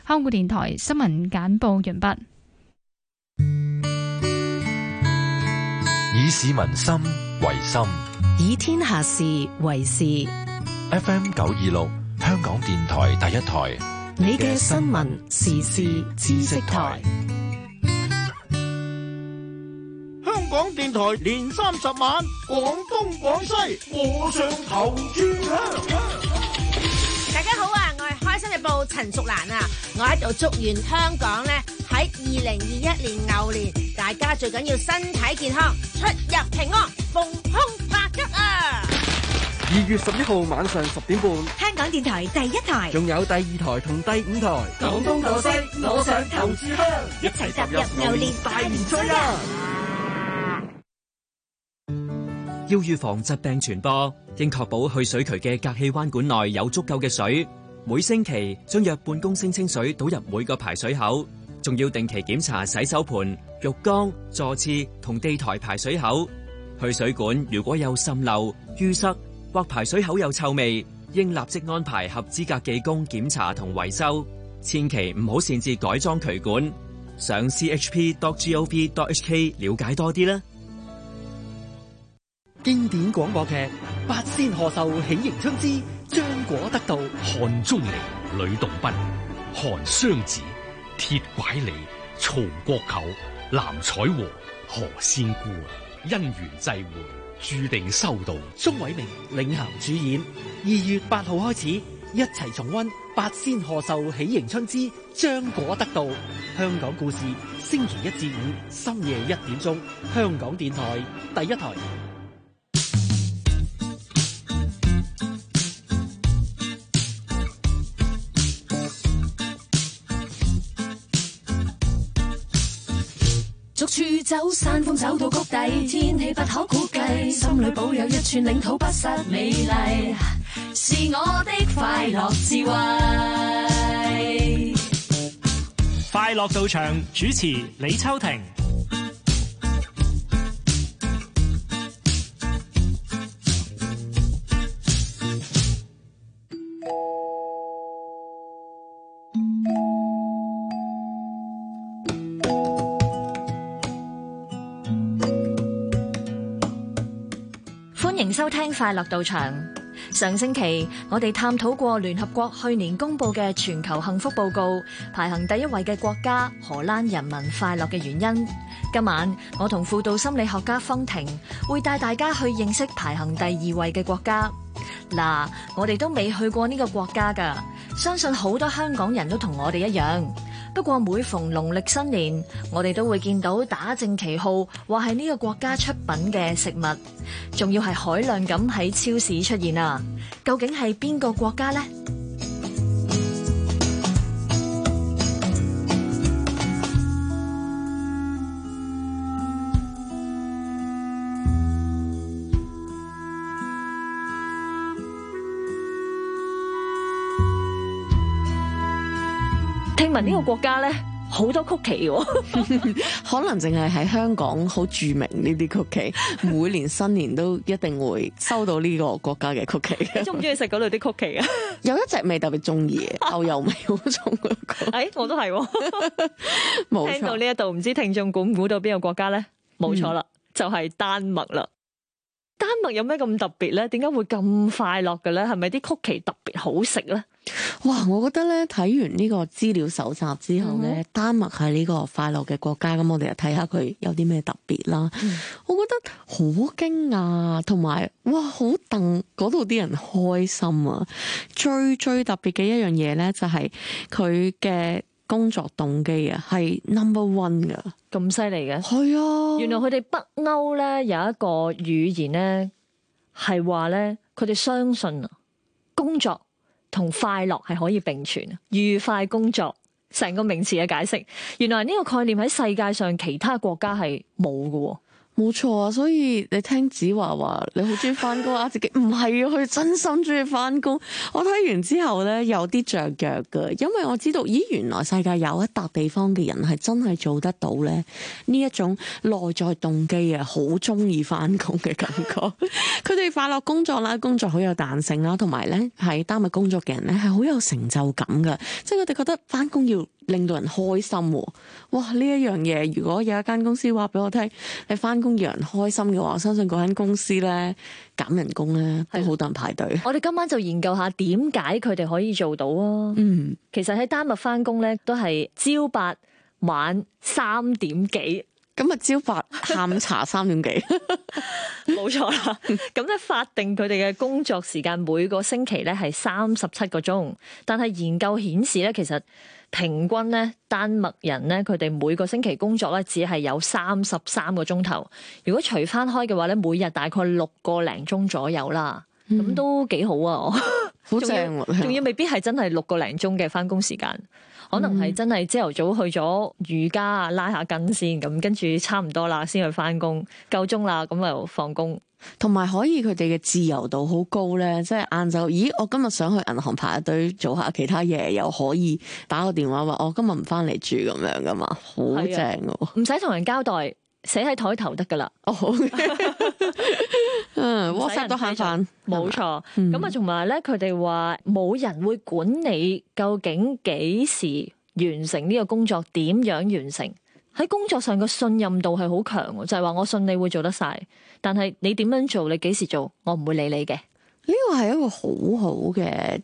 Speaker 3: 香港電台新聞簡報完畢。
Speaker 4: 以市民心為心，
Speaker 1: 以天下
Speaker 5: 事為事。
Speaker 4: F. M. 九二六，香港電台第一台。
Speaker 5: 你嘅新聞時事知識台，香港電台年三十晚，廣東廣西我
Speaker 4: 上
Speaker 6: 頭炷
Speaker 5: 香。大家好啊，我係開心日報陳淑蘭啊，我喺度祝願香港呢，喺二零二一年牛年，大家最緊要身體健康，出入平安，逢凶
Speaker 2: 2月11號晚上10點半，
Speaker 5: 香港電台第一台，
Speaker 2: 仲有第二台同第五台。廣
Speaker 6: 東螺絲，攞上頭炷香，一齊踏入牛年大年初一！
Speaker 4: 要預防疾病傳播，
Speaker 2: 應確保去水渠嘅隔氣彎管內有足夠嘅水。每星期將約半公升清水倒入每個排水口，仲要定期檢查洗手盆、浴缸、坐廁同地台排水口。去水管如果有滲漏、淤塞。或排水口有臭味，應立即安排合資格技工檢查同維修，千祈唔好擅自改裝渠管。上 chp.gov.hk
Speaker 4: 了解多啲啦。經典廣播劇《八仙賀壽》，喜迎春之張果得道、韓中離、呂洞賓、韓湘子、鐵拐李、曹國舅、藍采和、何仙姑啊，因緣際會。注定收到。鍾偉明領銜主演，二月八號開始，一齊重溫《八仙賀壽喜迎春之張果得道》。香港故事，星期一至五深夜一點鐘，香港電台第一台。
Speaker 6: 到處
Speaker 5: 走，山峰走到谷底，天氣不可估計。心裏保有一寸領土不失美麗，是我的快樂智慧。
Speaker 4: 快樂道場，主持李秋婷。
Speaker 5: 快樂到場。上星期我哋探討過聯合國去年公布嘅全球幸福報告，排行第一位嘅國家荷蘭人民快樂嘅原因。今晚我同輔導心理學家方婷會帶大家去認識排行第二位嘅國家。嗱，我哋都未去過呢個國家㗎，相信好多香港人都同我哋一樣。不過每逢農曆新年，我哋都會見到打正旗號話係呢個國家出品嘅食物，仲要係海量咁喺超市出現啊！究竟係邊個國家呢？呢個國家咧，好多曲奇，啊， 可能淨係喺
Speaker 7: 香港好著名呢啲曲奇，每年新年都一定會收到呢個國家嘅曲奇。 你中唔
Speaker 5: 中意食嗰類啲曲奇啊？
Speaker 7: 有一隻味特別中意嘅，牛油味好
Speaker 5: 重嗰種，嗰個， 哎，我都係，啊。冇 聽到呢一度，唔知聽眾估唔估到邊個國家咧？冇錯啦，嗯、就係丹麥啦。丹麥有咩咁特別咧？點解會咁快樂嘅咧？係咪啲曲奇特別好食咧？
Speaker 7: 哇！我覺得咧，睇完呢個資料搜集之後咧，Okay. 丹麥係呢個快樂嘅國家，咁我哋又睇下佢有啲咩特別啦。嗯、我覺得好驚訝，同埋哇，好替嗰度啲人開心啊！最最特別嘅一樣嘢咧，就係佢嘅工
Speaker 5: 作動機啊，係 number one 噶，咁犀利嘅，係啊！原來佢哋北歐咧有一個語言咧，係話咧佢哋相信工作同快樂係可以並存，愉快工作成個名詞嘅解釋，原來呢個概念喺世界上其他國家係
Speaker 7: 冇嘅喎。冇錯啊，所以你聽子華話你好中意翻工啊，自己唔係要去真心中意翻工。我睇完之後咧，有啲雀躍嘅，因為我知道，咦，原來世界有一笪地方嘅人係真係做得到咧呢一種內在動機啊，好中意翻工嘅感覺。佢 哋快樂工作啦，工作好有彈性啦，同埋咧喺丹麥工作嘅人咧係好有成就感嘅，即係佢哋覺得翻工要。令到人開心喎、啊，哇！呢一樣嘢，如果有一間公司話俾我聽，你翻工讓人開心嘅話，我相信嗰間公司咧減人工咧
Speaker 5: 都好多人排隊。我哋今晚就研究下點解佢哋可以做到啊？嗯，其實喺丹麥翻工咧都係朝八晚三點幾，咁啊 朝八下午茶三點幾，冇 錯啦。咁咧法定佢哋嘅工作時間每個星期咧係三十七個鐘，但係研究顯示咧其實，平均咧，丹麥人咧，佢哋每個星期工作咧，只係有三十三個鐘頭。如果除返開嘅話咧，每日大概六個零鐘左右啦，咁都幾好啊！好 正、嗯，仲、啊、要 未必係真係六個零鐘嘅返工時間。 可能係真係朝頭早去咗瑜伽啊，拉下筋先，咁跟住差唔多啦，先去翻工，夠鐘啦，咁又放工。同埋可以佢哋嘅自由度
Speaker 7: 好高咧，即係晏晝，咦，我今日想去銀行排一隊做下其他嘢，又可以打個電話話我今日唔翻嚟住咁樣噶嘛，好正喎，唔使同人交代。
Speaker 5: 寫喺台頭得噶啦，WhatsApp 都慳飯，冇錯。咁啊錯，同埋咧，佢哋話冇人會管你究竟幾時完成呢個工作，點樣完成？喺工作上嘅信任度係好強，就係話我信你會做得晒，但係你點樣做，你幾時做，我唔會理你嘅。
Speaker 7: 呢個係一個好好嘅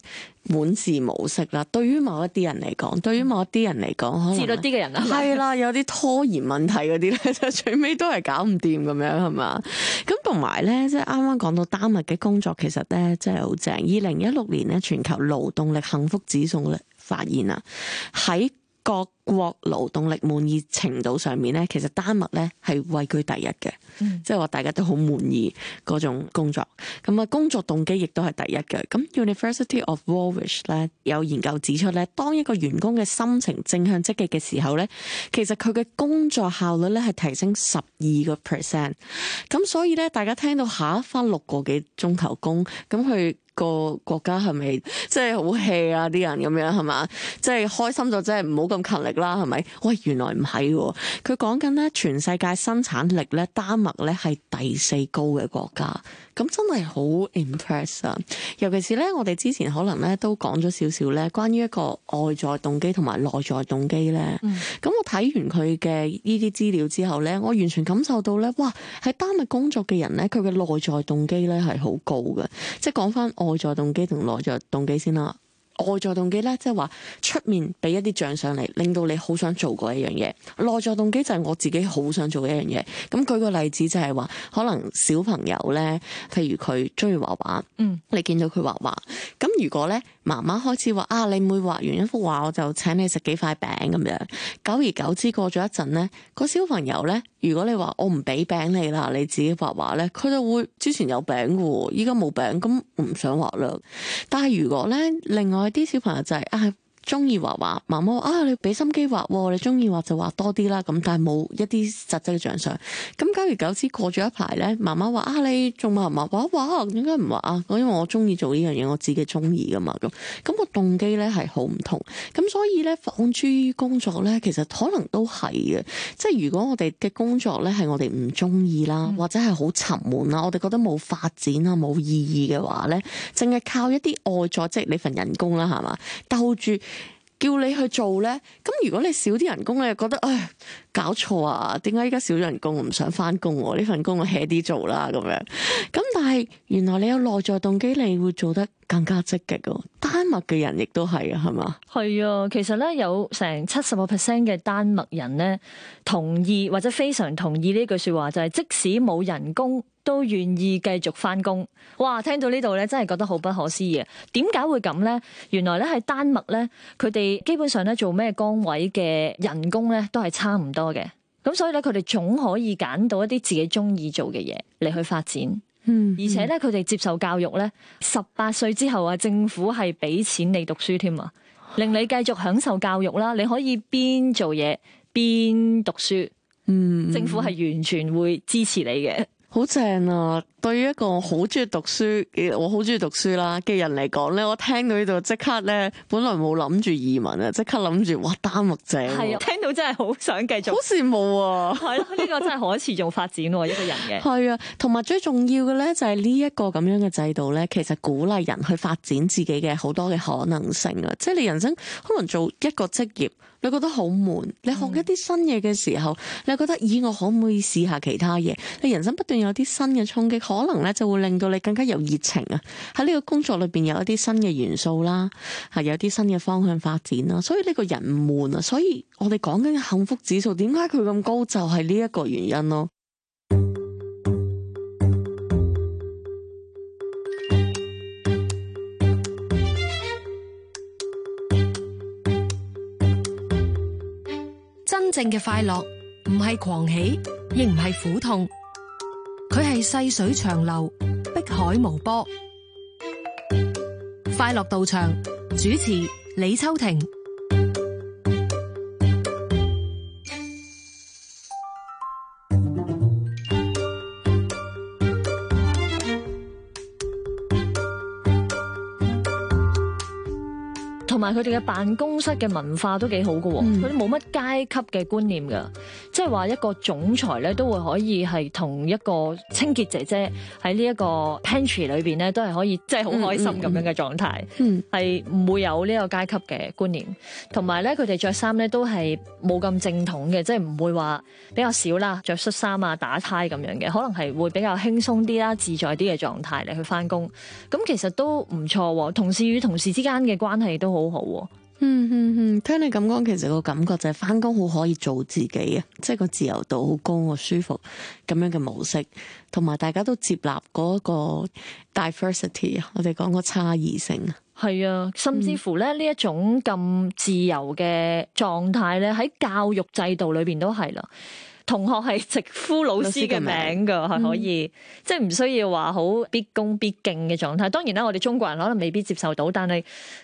Speaker 7: 滿字模式啦。對於某一啲人嚟講，對於某一啲人嚟講，可能自律啲嘅人啊，係啦，有啲拖延問題嗰啲咧，就 最尾都係搞唔掂咁樣，係嘛？咁同埋咧，即係啱啱講到丹麥嘅工作，其實咧真係好正。二零一六年咧，全球勞動力幸福指數發現啊，喺各國勞動力滿意程度上面咧，其實丹麥咧係位居第一嘅，即係話大家都好滿意嗰種工作，咁啊，工作動機亦都係第一嘅。咁 University of Warwick 咧有研究指出咧，當一個員工嘅心情正向積極嘅時候咧，其實佢嘅工作效率咧係提升十二個 percent。咁所以咧，大家聽到下一翻六個幾鐘頭工咁佢。個國家係咪即係好 hea 啊？啲人咁樣係嘛？即係開心就真係唔好咁勤力啦，係咪？喂，原來唔係喎！佢講緊咧，全世界生產力咧，丹麥咧係第四高嘅國家，咁真係好 impress 啊！尤其是咧，我哋之前可能咧都講咗少少咧，關於一個外在動機同埋內在動機咧。咁、嗯、我睇完佢嘅呢啲資料之後咧，我完全感受到咧，哇！喺丹麥工作嘅人咧，佢嘅內在動機咧係好高嘅，即係講翻。外在動機同內在動機先啦。外在動機咧，即係話出面俾一啲獎上嚟，令到你好想做嗰一樣嘢。內在動機就係我自己好想做一樣嘢。咁舉個例子就係話，可能小朋友咧，譬如佢中意畫畫，嗯，你見到佢畫畫，咁如果咧媽媽開始話啊，你每畫完一幅畫我就請你食幾塊餅咁樣，久而久之過咗一陣咧，個小朋友咧，如果你話我唔俾餅你啦，你自己畫畫咧，佢就會之前有餅嘅喎，依家冇餅，咁唔想畫啦。但係如果咧另外，我啲小朋友就係啊～中意畫畫，媽媽話啊，你俾心機畫，你中意畫就畫多啲啦。咁但係冇一啲實際嘅獎賞。咁久而久之過咗一排咧，媽媽話啊，你仲畫唔畫畫？點解唔畫啊？因為我中意做呢樣嘢，我自己中意噶嘛。咁、那、咁個動機咧係好唔同。咁所以咧，放諸工作咧，其實可能都係嘅。即係如果我哋嘅工作咧係我哋唔中意啦，或者係好沉悶啦，我哋覺得冇發展啦、冇意義嘅話咧，淨係靠一啲外在即係你份人工啦，係嘛，兜住。叫你去做咧，咁如果你少啲人工你就覺得唉，搞錯啊，點解依家少人工，我唔想翻工喎？呢份工我 hea 啲做啦咁樣。咁但係原來你有內在動機，你會做得更加積極哦。丹麥嘅人亦都係啊，係嘛？
Speaker 5: 係啊，其實咧有成七十個 percent 嘅丹麥人咧同意或者非常同意呢句説話，就係即使冇人工。都願意繼續翻工哇！聽到呢度咧，真係覺得好不可思議啊！點解會咁呢？原來咧喺丹麥咧，佢哋基本上咧做咩崗位嘅人工咧都係差唔多嘅。咁所以咧，佢哋總可以揀到一啲自己中意做嘅嘢嚟去發展。
Speaker 6: 嗯，而且咧，
Speaker 5: 佢哋接受教育咧，十八、嗯、歲之後啊，政府係俾錢你讀書添啊，令你繼續享受教育啦。你可以邊做嘢邊讀書。嗯，嗯，政府係完全會支持你嘅。
Speaker 7: 好正啊！對於一個好中意讀書嘅我好中意讀書啦嘅人嚟講咧，我聽到呢度即刻咧，本來冇諗住移民啊，即刻諗住哇丹麥仔。係啊，的聽
Speaker 5: 到真係好想繼續。好羨慕啊，係 咯， 呢、這個真係可持續發展一、這個人
Speaker 7: 嘅。係啊，同埋最重要嘅咧，就係呢一個咁樣嘅制度咧，其實鼓勵人去發展自己嘅好多嘅可能性啊！即係你人生可能做一個職業，你覺得好悶，你學一啲新嘢嘅時候，你覺得咦，我可唔可以試下其他嘢？你人生不斷有啲新嘅衝擊。可能咧，就會令到你更加有熱情啊！喺呢個工作裏邊有一啲新嘅元素啦，係有啲新嘅方向發展啦，所以呢個人唔悶啊！所以我哋講緊嘅幸福指數，點解佢咁高？就係呢一個原因咯。
Speaker 5: 真正嘅快樂，唔係狂喜，亦唔係苦痛。佢係細水長流，碧海無波。快樂道場主持李秋婷。同埋佢哋嘅辦公室嘅文化都幾好㗎，佢哋冇乜階級嘅觀念㗎，即係話一個總裁咧都會可以係同一個清潔姐姐喺呢一個 pantry 裏邊咧都係可以，即係好開心咁樣嘅狀態，係唔、嗯嗯嗯、會有呢個階級嘅觀念。同埋咧佢哋着衫咧都係冇咁正統嘅，即係唔會話比較少啦，着恤衫啊打呔咁樣嘅，可能係會比較輕鬆啲啦、自在啲嘅狀態嚟去翻工。咁其實都唔錯，同事與同事之間嘅關係都好。好、嗯，嗯嗯嗯，
Speaker 7: 聽你咁講，其實個感覺就係返工好可以做自己嘅，即係個自由度好高，好舒服咁樣嘅模式，同埋大家都接納嗰個 diversity，我哋講個差異性，
Speaker 5: 係啊，甚至乎咧呢一種咁自由嘅狀態咧，喺教育制度裏邊都係啦。同學係直呼老師嘅名㗎，係可以，嗯、即係唔需要話好必恭必敬嘅狀態。當然啦，我哋中國人可能未必接受到，但係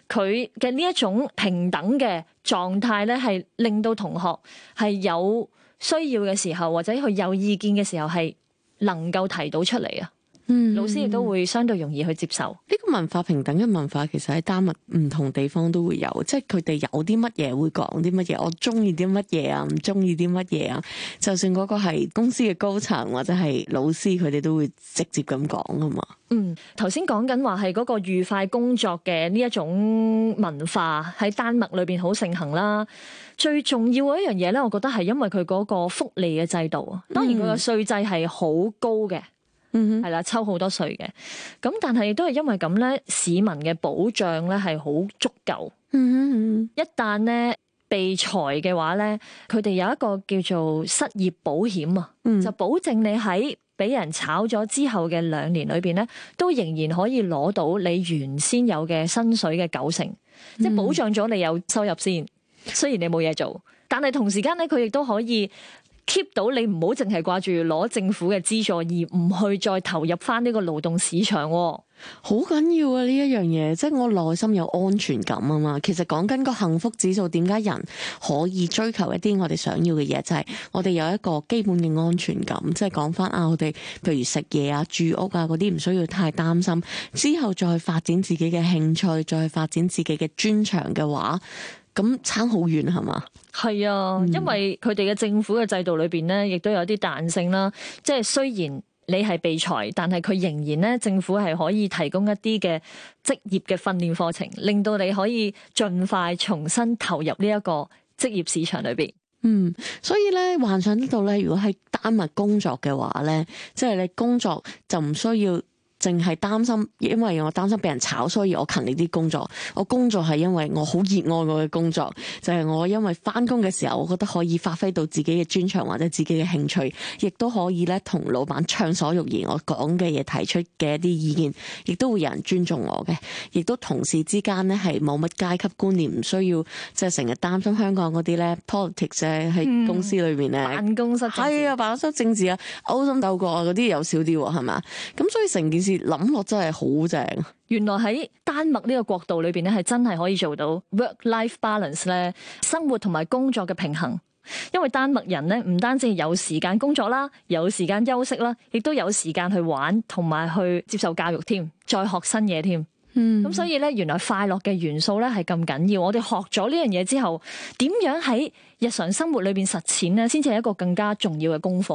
Speaker 5: 佢嘅呢一種平等嘅狀態咧，係令到同學係有需要嘅時候，或者佢有意見嘅時候，係能夠提到出嚟啊。嗯，老師亦都會相對容易去接
Speaker 7: 受呢個文化平等嘅文化，其實喺丹麥唔同地方都會有，即係佢哋有啲乜嘢會講啲乜嘢，我中意啲乜嘢啊，唔中意啲乜嘢啊。就算嗰個係公司嘅高層或者係老師，佢哋都會直接咁講噶嘛。嗯，
Speaker 5: 頭先講緊話係嗰個愉快工作嘅呢一種文化喺丹麥裏邊好盛行啦。最重要嘅一樣嘢咧，我覺得係因為佢嗰個福利嘅制度。啊。當然佢個稅制係好高嘅。嗯係啦，抽好多稅嘅，咁但係亦都係因為咁咧，市民嘅保障咧係好足夠。 一旦咧被裁嘅話咧，佢哋有一個叫做失業保險啊， 就保證你喺俾人炒咗之後嘅兩年裏邊咧，都仍然可以攞到你原先有嘅薪水嘅九成，
Speaker 3: 即係保障
Speaker 5: 咗你有收入先。雖然你冇嘢做，但係同時間咧，佢亦都可以。keep 到你唔好淨係掛住攞政府嘅資助，而唔去再投入翻呢個勞動市場，好
Speaker 7: 緊要啊！呢一樣嘢，即係我內心有安全感啊嘛。其實講緊個幸福指數，點解人可以追求一啲我哋想要嘅嘢，就係我哋有一個基本嘅安全感。即係講翻啊，我哋譬如食嘢啊、住屋啊嗰啲，唔需要太擔心之後再發展自己嘅興趣，再發展自己嘅專長嘅話。咁差好遠係嘛？
Speaker 5: 係啊，因為佢哋嘅政府嘅制度裏邊咧，亦都有啲彈性啦。即係雖然你係被裁，但係佢仍然咧，政府係可以提供一啲嘅職業嘅訓練課程，令到你可以盡快重新投入呢一個職業市場裏邊。
Speaker 7: 嗯，所以咧幻想得到咧，如果喺丹麥工作嘅話咧，即係你工作就唔需要。淨係擔心，因為我擔心俾人炒，所以我勤力啲工作。我工作係因為我好熱愛我嘅工作，就係、是、我因為翻工嘅時候，我覺得可以發揮到自己嘅專長或者自己嘅興趣，亦都可以咧同老闆暢所欲言我，我講嘅嘢提出嘅一啲意見，亦都會有人尊重我嘅。亦都同事之間咧係冇乜階級觀念，唔需要即係成日擔心香港嗰啲咧 politics 喺公司裏面咧、嗯。辦公室係啊、哎，辦公室政治啊，勾心鬥角啊嗰啲有少啲喎、啊，係嘛？咁所以成件事。諗落真係好正，
Speaker 5: 原來喺丹麥呢個國度裏邊咧，係真係可以做到 work-life balance 咧，生活同埋工作嘅平衡。因為丹麥人咧，唔單止有時間工作啦，有時間休息啦，亦都有時間去玩同埋去接受教育添，再學新嘢添。嗯，咁所以咧，原來快樂嘅元素咧係咁緊要。我哋學咗呢樣嘢之後，點樣喺？日常生活裏邊實踐咧，先至係一個更加重要嘅功課。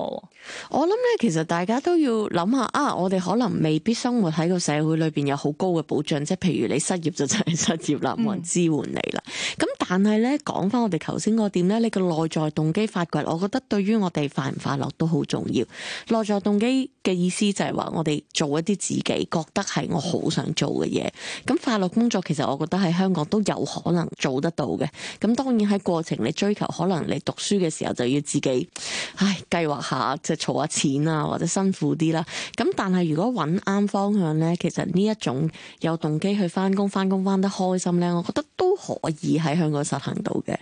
Speaker 5: 我
Speaker 7: 諗咧，其實大家都要諗下啊，我哋可能未必生活喺個社會裏邊有好高嘅保障，即係譬如你失業就真係失業啦，冇人、嗯、支援你啦。咁但係咧，講翻我哋頭先個點咧，你個內在動機發掘，我覺得對於我哋快唔快樂都好重要。內在動機嘅意思就係話，我哋做一啲自己覺得係我好想做嘅嘢。咁快樂工作其實我覺得喺香港都有可能做得到嘅。咁當然喺過程你追求。可能你讀書嘅時候就要自己，唉，計劃下即係儲下錢啊，或者辛苦啲啦。咁但係如果揾啱方向呢，其實呢一種有動機去翻工翻工翻得開心呢，我覺得都可以喺香港實行到嘅。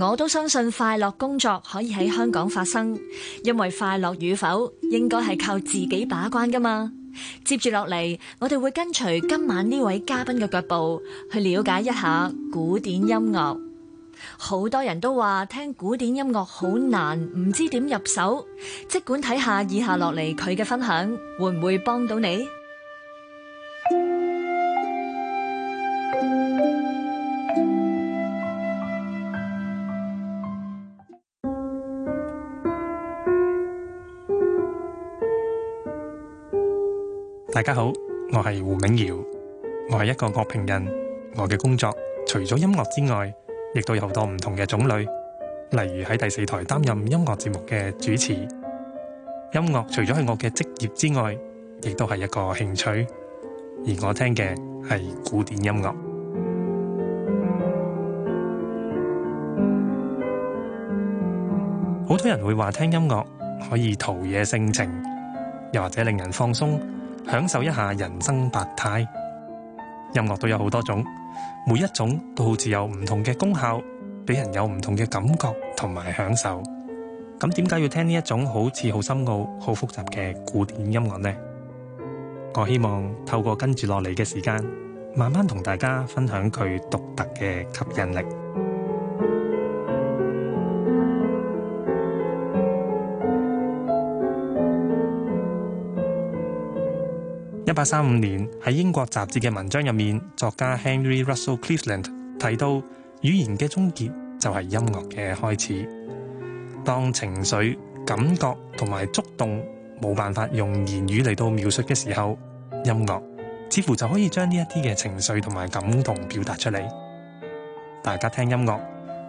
Speaker 5: 我都相信快樂工作可以喺香港發生，因為快樂與否應該係靠自己把關噶嘛。接住落嚟，我哋會跟隨今晚呢位嘉賓嘅腳步，去了解一下古典音樂。好多人都話聽古典音樂好難，唔知點入手。即管睇下以下落嚟佢嘅分享，會唔會幫到你？
Speaker 4: 大家好，我係胡銘堯，我係一個樂評人。我嘅工作除咗音樂之外，亦都有好多唔同嘅種類，例如喺第四台擔任音樂節目嘅主持。音樂除咗係我嘅職業之外，亦都係一個興趣。而我聽嘅係古典音樂。好多人會話聽音樂可以陶冶性情，又或者令人放鬆。享受一下人生百態，音樂都有好多種，每一種都好似有唔同嘅功效，俾人有唔同嘅感覺同埋享受。咁點解要聽呢一種好似好深奧、好複雜嘅古典音樂呢？我希望透過跟住落嚟嘅時間，慢慢同大家分享佢獨特嘅吸引力。一八三五年喺英國雜誌嘅文章入面，作家 Henry Russell Cleveland 提到，語言嘅終結就係音樂嘅開始。當情緒、感覺同埋觸動冇辦法用言語嚟到描述嘅時候，音樂似乎就可以將呢一啲嘅情緒同埋感動表達出嚟。大家聽音樂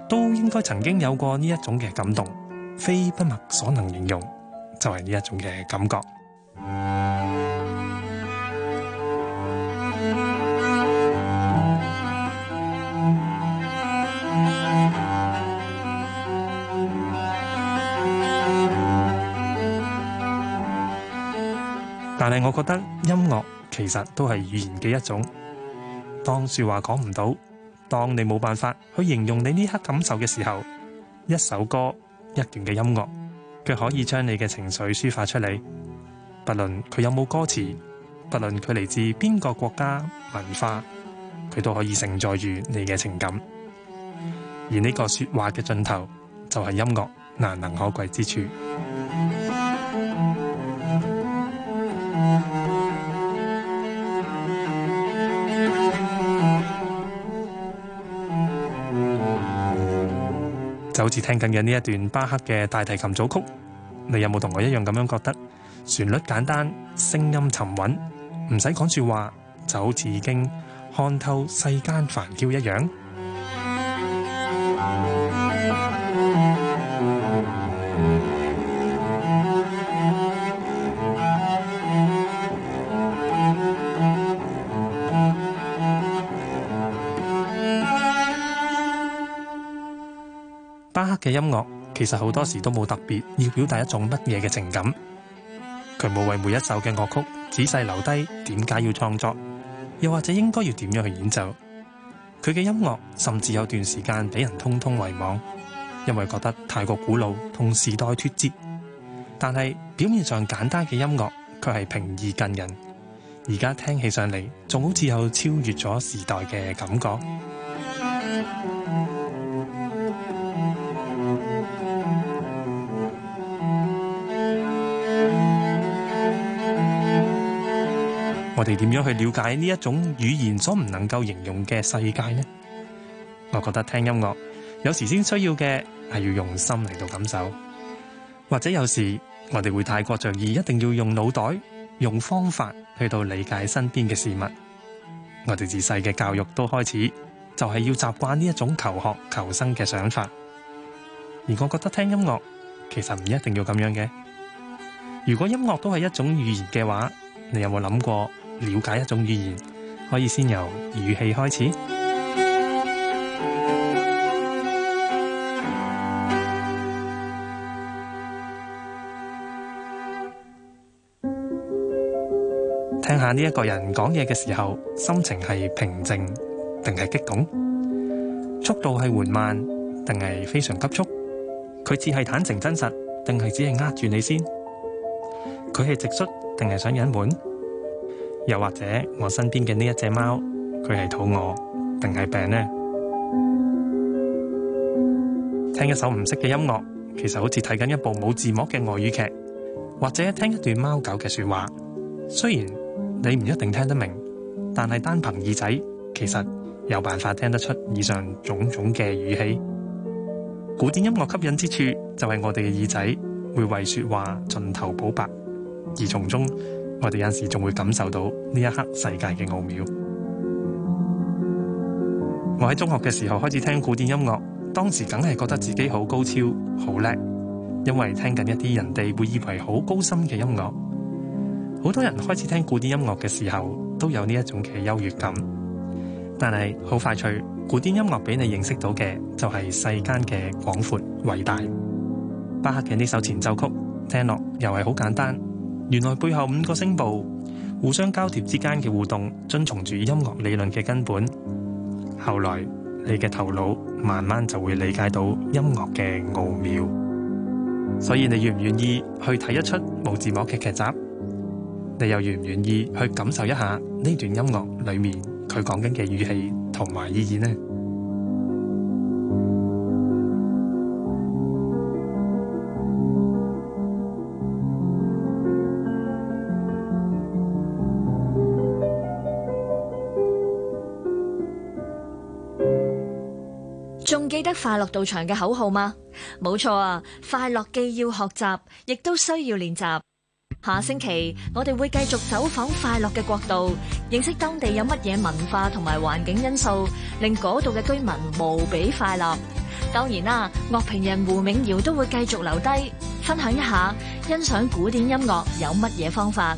Speaker 4: 都應該曾經有過呢一種嘅感動，非筆墨所能形容，就係呢一種嘅感覺。我覺得音樂其實都係語言嘅一種。當說話講唔到，當你冇辦法去形容你呢刻感受嘅時候，一首歌、一段嘅音樂，佢可以將你嘅情緒抒發出嚟。不論佢有冇歌詞，不論佢嚟自邊個國家文化，佢都可以承載住你嘅情感。而呢個說話嘅盡頭，就係音樂難能可貴之處。好似聽緊嘅呢一段巴赫嘅大提琴組曲，你有冇同我一樣咁樣覺得？旋律簡單，聲音沉穩，唔使講說話，就好似已經看透世間煩囂一樣。嘅音樂其實好多時都冇特別要表達一種乜嘢嘅情感，佢冇為每一首嘅樂曲仔細留低點解要創作，又或者應該要點樣去演奏。佢嘅音樂甚至有段時間俾人通通遺忘，因為覺得太過古老同時代脫節。但係表面上簡單嘅音樂，佢係平易近人，而家聽起上嚟仲好似有超越咗時代嘅感覺。我哋點樣去了解呢一種語言所唔能夠形容嘅世界呢？我覺得聽音樂有時先需要嘅係要用心嚟到感受，或者有時我哋會太過着意，一定要用腦袋、用方法去到理解身邊嘅事物。我哋自細嘅教育都開始就係要習慣呢一種求學求生嘅想法，而我覺得聽音樂其實唔一定要咁樣嘅。如果音樂都係一種語言嘅話，你有冇諗過？了解一種語言，可以先由語氣開始。聽下呢一個人講嘢嘅時候，心情係平靜定係激動？速度係緩慢定係非常急促？佢只係坦誠真實，定係只係呃住你先？佢係直率定係想隱瞞？又或者我身邊嘅呢一隻貓，佢係肚餓定係病呢？聽一首唔識嘅音樂，其實好似睇緊一部冇字幕嘅外語劇，或者聽一段貓狗嘅說話。雖然你唔一定聽得明，但係單憑耳仔，其實有辦法聽得出以上種種嘅語氣。古典音樂吸引之處，就係我哋嘅耳仔會為說話盡頭補白，而從中。我哋有陣時仲會感受到呢一刻世界嘅奧妙。我喺中學嘅時候開始聽古典音樂，當時梗係覺得自己好高超、好叻，因為聽緊一啲人哋會以為好高深嘅音樂。好多人開始聽古典音樂嘅時候都有呢一種嘅優越感，但係好快脆。古典音樂俾你認識到嘅就係世間嘅廣闊、偉大。巴克嘅呢首前奏曲，聽落又係好簡單。原來背後五個聲部互相交疊之間嘅互動，遵從住音樂理論嘅根本。後來你嘅頭腦慢慢就會理解到音樂嘅奧妙。所以你願唔願意去睇一出無字幕嘅劇集？你又願唔願意去感受一下呢段音樂裏面佢講緊嘅語氣同埋意義呢？
Speaker 5: 快樂到場嘅口號嗎？冇錯啊！快樂既要學習，亦都需要練習。下星期我哋會繼續走訪快樂嘅國度，認識當地有乜嘢文化同埋環境因素，令嗰度嘅居民無比快樂。當然啦，樂評人胡銘堯都會繼續留低，分享一下欣賞古典音樂有乜嘢方法。